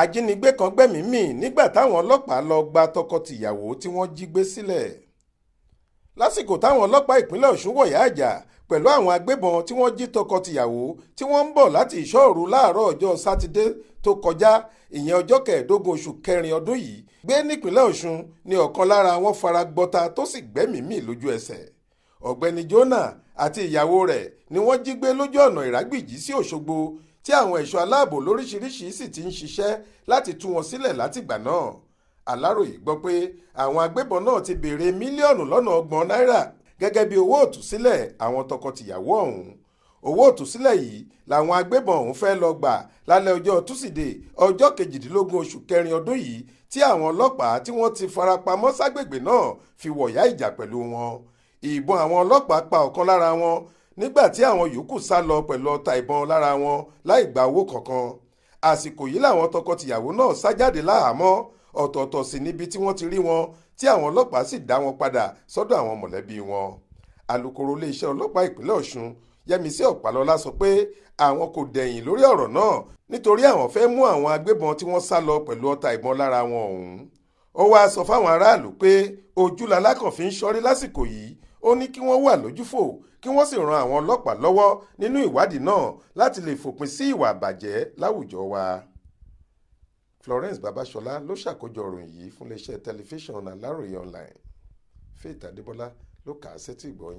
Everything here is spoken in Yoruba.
ajínigbé kan gbẹ̀mí mì nígbà táwọn ọlọ́pàá lọ gba tọkọ-tìyàwó tí wọ́n jí gbé sílẹ̀ lásìkò táwọn ọlọ́pàá ìpínlẹ̀ ọ̀ṣun wọ̀yá àjà pẹ̀lú àwọn agbébọn tí wọ́n jí tọkọ-tìyàwó tí wọ́n ń bọ̀ láti ìṣọ́ọ̀rù láàárọ̀ ọjọ́ sátidé tó kọjá ìyẹn ọjọ́ kẹẹ̀ẹ́dógún oṣù kẹrin ọdún yìí gbé nípínlẹ̀ ọ̀ṣun ni ọ̀kan lára wọn fara gbọta tó sì gbẹ́mìí mì lójú ẹsẹ̀ ọ̀gbẹ́ni Jonah àti ìyàwó rẹ̀ ni wọ́n jí gbé lójú ọ̀nà ìrágbìjí sí òṣogbo tí àwọn ẹ̀ṣọ́ aláàbò lóríṣiríṣi sì ti ń ṣiṣẹ́ láti tú wọn sílẹ̀ látìgbà náà aláròye gbọ́ pé àwọn agbébọn náà ti béèrè mílíọ̀nù lọ́nà ọgbọ̀n náírà gẹ́gẹ́ bí owó òtúsílẹ̀ àwọn tọkọ-tìyàwó ọ̀hún owó òtúsílẹ̀ yìí làwọn agbébọn ọ̀hún fẹ́ lọ gbà lálẹ́ ọjọ́ túsídẹ̀ẹ́ ọjọ́ kejìdínlógún oṣù kẹrin ọdún yìí tí àwọn ọlọ́pàá tí wọ́n ti farapamọ́ náà fi wọ̀yá ìjà pẹ̀lú wọn ìbọn àwọn ọlọ́pàá pa ọ̀kan lára wọn nígbà tí àwọn yòókù sá lọ pẹ̀lú ọta ìbọn lára wọn láì gba owó kankan àsìkò yìí làwọn tọkọ-tìyàwó náà sá jáde láhàámọ́ ọ̀tọ̀ọ̀tọ̀ sí níbi tí wọ́n ti rí wọn tí àwọn ọlọ́pàá sì dá wọn padà sọ́dọ̀ àwọn mọ̀lẹ́bí wọn alūkkóró iléeṣẹ́ ọlọ́pàá ìpínlẹ̀ Ọ̀ṣun Yẹmisí Ọ̀pálọ́lá sọ pé àwọn kò dẹ̀yìn lórí ọ̀rọ̀ náà nítorí àwọn fẹ́ mú àwọn agbébọn tí wọ́n sá lọ pẹ̀lú ọta ìbọn lára wọn ọ̀hún ó wáá sọ fáwọn aráàlú pé ojú lalákàn ń ṣọ́rí lásìkò yìí ó ní kí wọ́n wà lójúfò kí wọ́n sì ran àwọn ọlọ́pàá lọ́wọ́ nínú ìwádìí náà láti lè fòpin sí ìwà àbàjẹ́ láwùjọ wa. Florence Babasola ló ṣàkójọ ìròyìn yìí fún iléeṣẹ́ tẹlifíṣàn Aláròye online Faith Adébọlá ló kà á sétí ìgbọ́